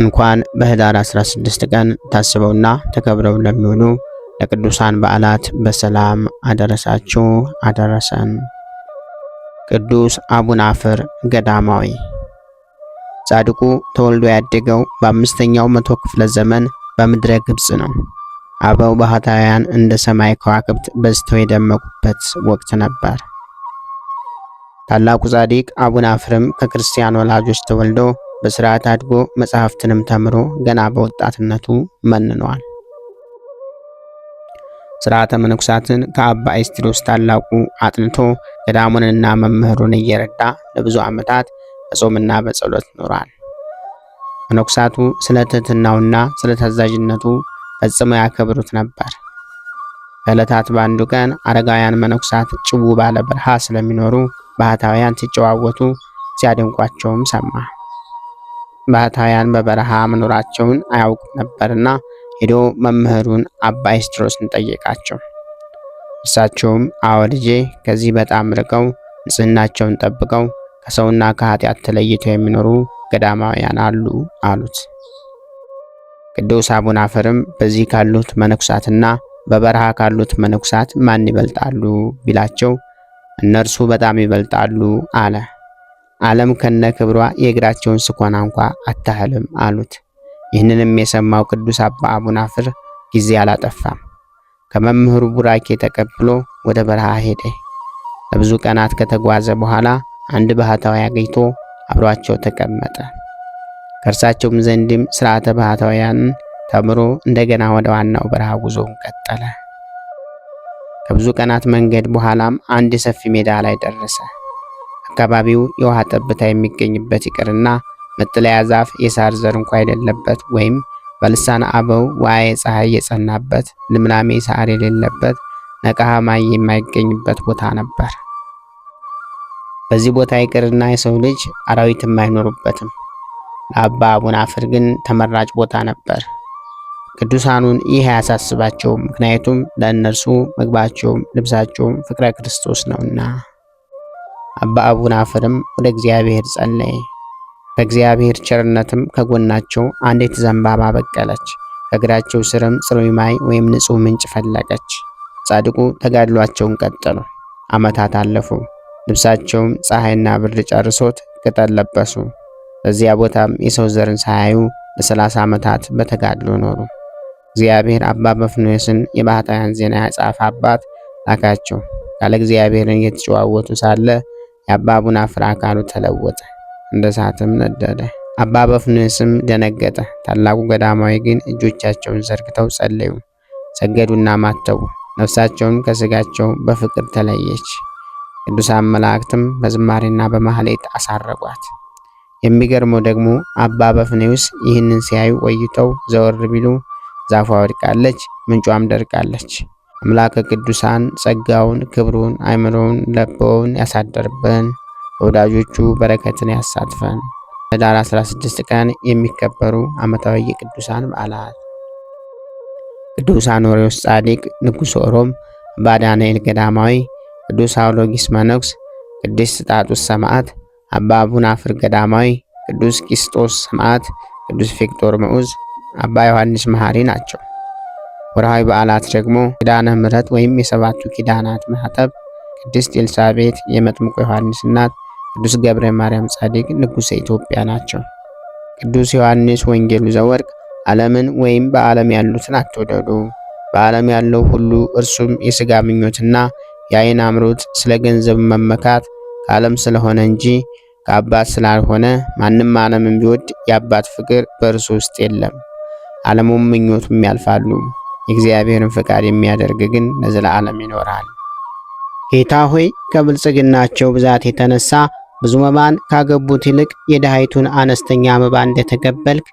እንኳን በህዳር 16 ቀን ታስበውና ተከብረው ለሚውሉ ለቅዱሳን በዓላት በሰላም አደረሳችሁ አደረሰን። ቅዱስ አፍር ገዳማዊ ጻድቁ ተወልዶ ያደገው በአምስተኛው መቶ ክፍለ ዘመን በምድረ ግብጽ ነው። አበው ባህታውያን እንደ ሰማይ ከዋክብት በዝተው የደመቁበት ወቅት ነበር። ታላቁ ጻዲቅ አፍርም ከክርስቲያን ወላጆች ተወልዶ በስርዓት አድጎ መጽሐፍትንም ተምሮ ገና በወጣትነቱ መንኗል። ስርዓተ መነኩሳትን ከአባ ኤስቲዶስ ታላቁ አጥንቶ ገዳሙንና መምህሩን እየረዳ ለብዙ ዓመታት በጾምና በጸሎት ኖሯል። መነኩሳቱ ስለ ትህትናውና ስለ ታዛዥነቱ ፈጽመው ያከብሩት ነበር። በዕለታት በአንዱ ቀን አረጋውያን መነኩሳት ጭው ባለ በረሃ ስለሚኖሩ ባህታውያን ሲጨዋወቱ ሲያደንቋቸውም ሰማ። ባህታውያን በበረሃ መኖራቸውን አያውቁ ነበርና ሄዶ መምህሩን አባ ኤስድሮስን ጠየቃቸው። እርሳቸውም አዎ ልጄ፣ ከዚህ በጣም ርቀው ንጽህናቸውን ጠብቀው ከሰውና ከኃጢአት ተለይተው የሚኖሩ ገዳማውያን አሉ አሉት። ቅዱስ አፈርም በዚህ ካሉት መነኩሳትና በበረሃ ካሉት መነኩሳት ማን ይበልጣሉ ቢላቸው እነርሱ በጣም ይበልጣሉ አለ። ዓለም ከነ ክብሯ የእግራቸውን ስኮና እንኳ አታህልም አሉት። ይህንንም የሰማው ቅዱስ አባ አቡናፍር ጊዜ አላጠፋም። ከመምህሩ ቡራኬ ተቀብሎ ወደ በረሃ ሄደ። ለብዙ ቀናት ከተጓዘ በኋላ አንድ ባህታዊ አግኝቶ አብሯቸው ተቀመጠ። ከእርሳቸውም ዘንድም ስርዓተ ባህታውያንን ተምሮ እንደገና ወደ ዋናው በረሃ ጉዞውን ቀጠለ። ከብዙ ቀናት መንገድ በኋላም አንድ ሰፊ ሜዳ ላይ ደረሰ። አካባቢው የውሃ ጠብታ የሚገኝበት ይቅርና መጠለያ ዛፍ የሳር ዘር እንኳ የሌለበት ወይም በልሳነ አበው ዋዬ ፀሐይ የጸናበት ልምላሜ ሳር የሌለበት ነቅሐ ማይ የማይገኝበት ቦታ ነበር። በዚህ ቦታ ይቅርና የሰው ልጅ አራዊትም አይኖሩበትም። ለአባ አቡናፍር ግን ተመራጭ ቦታ ነበር። ቅዱሳኑን ይህ አያሳስባቸውም፣ ምክንያቱም ለእነርሱ ምግባቸውም ልብሳቸውም ፍቅረ ክርስቶስ ነውና። አባ አፍርም ወደ እግዚአብሔር ጸለየ። በእግዚአብሔር ቸርነትም ከጎናቸው አንዲት ዘንባባ በቀለች። ከእግራቸው ስርም ጽሩይ ማይ ወይም ንጹሕ ምንጭ ፈለቀች። ጻድቁ ተጋድሏቸውን ቀጠሉ። ዓመታት አለፉ። ልብሳቸውም ፀሐይና ብርድ ጨርሶት ቅጠል ለበሱ። በዚያ ቦታም የሰው ዘርን ሳያዩ ለሰላሳ ዓመታት በተጋድሎ ኖሩ። እግዚአብሔር አባ በፍኖስን የባህታውያን ዜና የጻፈ አባት ላካቸው። ካለ እግዚአብሔርን እየተጨዋወቱ ሳለ የአባ አፍራ አካሉ ተለወጠ፣ እንደ እሳትም ነደደ። አባ በፍኑስም ደነገጠ። ታላቁ ገዳማዊ ግን እጆቻቸውን ዘርግተው ጸለዩ፣ ሰገዱና ማተቡ። ነፍሳቸውን ከስጋቸው በፍቅር ተለየች። ቅዱሳን መላእክትም በዝማሬና በማህሌት አሳረጓት። የሚገርመው ደግሞ አባ በፍኔውስ ይህንን ሲያዩ ቆይተው ዘወር ቢሉ ዛፏ ወድቃለች፣ ምንጯም ደርቃለች። አምላከ ቅዱሳን ጸጋውን፣ ክብሩን፣ አእምሮውን፣ ለቦውን ያሳደርብን። ከወዳጆቹ በረከትን ያሳትፈን። ህዳር 16 ቀን የሚከበሩ ዓመታዊ የቅዱሳን በዓላት ቅዱስ አኖሬዎስ ጻድቅ፣ ንጉሥ ኦሮም፣ አባ ዳንኤል ገዳማዊ፣ ቅዱስ አውሎጊስ መነኩስ፣ ቅዱስ ስጣጡስ ሰማዕት፣ አባ ቡናፍር ገዳማዊ፣ ቅዱስ ቂስጦስ ሰማዕት፣ ቅዱስ ፊቅጦር ምዑዝ፣ አባ ዮሐንስ መሐሪ ናቸው። ወርሃዊ በዓላት ደግሞ ኪዳነ ምሕረት ወይም የሰባቱ ኪዳናት ማህተብ፣ ቅድስት ኤልሳቤጥ የመጥምቁ ዮሐንስ እናት፣ ቅዱስ ገብረ ማርያም ጻድቅ ንጉሠ ኢትዮጵያ ናቸው። ቅዱስ ዮሐንስ ወንጌሉ ዘወርቅ ዓለምን ወይም በዓለም ያሉትን አትውደዱ፣ በዓለም ያለው ሁሉ እርሱም የሥጋ ምኞትና የዓይን አምሮት፣ ስለ ገንዘብ መመካት ከዓለም ስለሆነ እንጂ ከአባት ስላልሆነ ማንም ዓለምን ቢወድ የአባት ፍቅር በእርሱ ውስጥ የለም። ዓለሙም ምኞቱም ያልፋሉ። የእግዚአብሔርን ፈቃድ የሚያደርግ ግን ለዘላለም ይኖራል። ጌታ ሆይ ከብልጽግናቸው ብዛት የተነሳ ብዙ መባን ካገቡት ይልቅ የድሃይቱን አነስተኛ መባ እንደተቀበልክ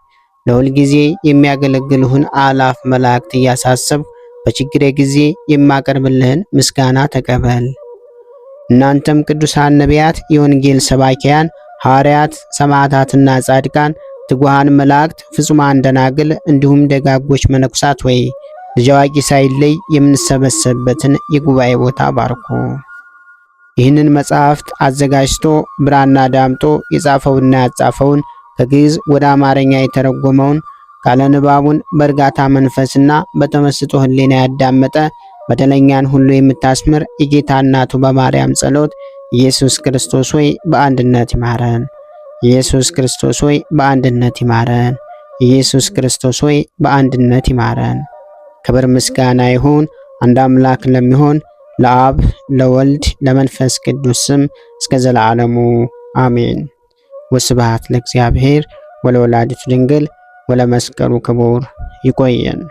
ለሁልጊዜ የሚያገለግልህን አላፍ መላእክት እያሳሰብ በችግሬ ጊዜ የማቀርብልህን ምስጋና ተቀበል። እናንተም ቅዱሳን ነቢያት፣ የወንጌል ሰባኪያን ሐዋርያት፣ ሰማዕታትና ጻድቃን፣ ትጉሃን መላእክት፣ ፍጹማን ደናግል እንዲሁም ደጋጎች መነኩሳት ወይ ልጅ አዋቂ ሳይለይ የምንሰበሰብበትን የጉባኤ ቦታ ባርኩ። ይህንን መጽሐፍት አዘጋጅቶ ብራና ዳምጦ የጻፈውና ያጻፈውን ከግዕዝ ወደ አማርኛ የተረጎመውን ቃለ ንባቡን በእርጋታ መንፈስና በተመስጦ ሕሊና ያዳመጠ በደለኛን ሁሉ የምታስምር የጌታ እናቱ በማርያም ጸሎት ኢየሱስ ክርስቶስ ሆይ በአንድነት ይማረን። ኢየሱስ ክርስቶስ ሆይ በአንድነት ይማረን። ኢየሱስ ክርስቶስ ሆይ በአንድነት ይማረን። ክብር ምስጋና ይሁን አንድ አምላክ ለሚሆን ለአብ ለወልድ ለመንፈስ ቅዱስ ስም እስከ ዘላለሙ አሜን። ወስብሐት ለእግዚአብሔር ወለወላዲቱ ድንግል ወለመስቀሉ ክቡር። ይቆየን።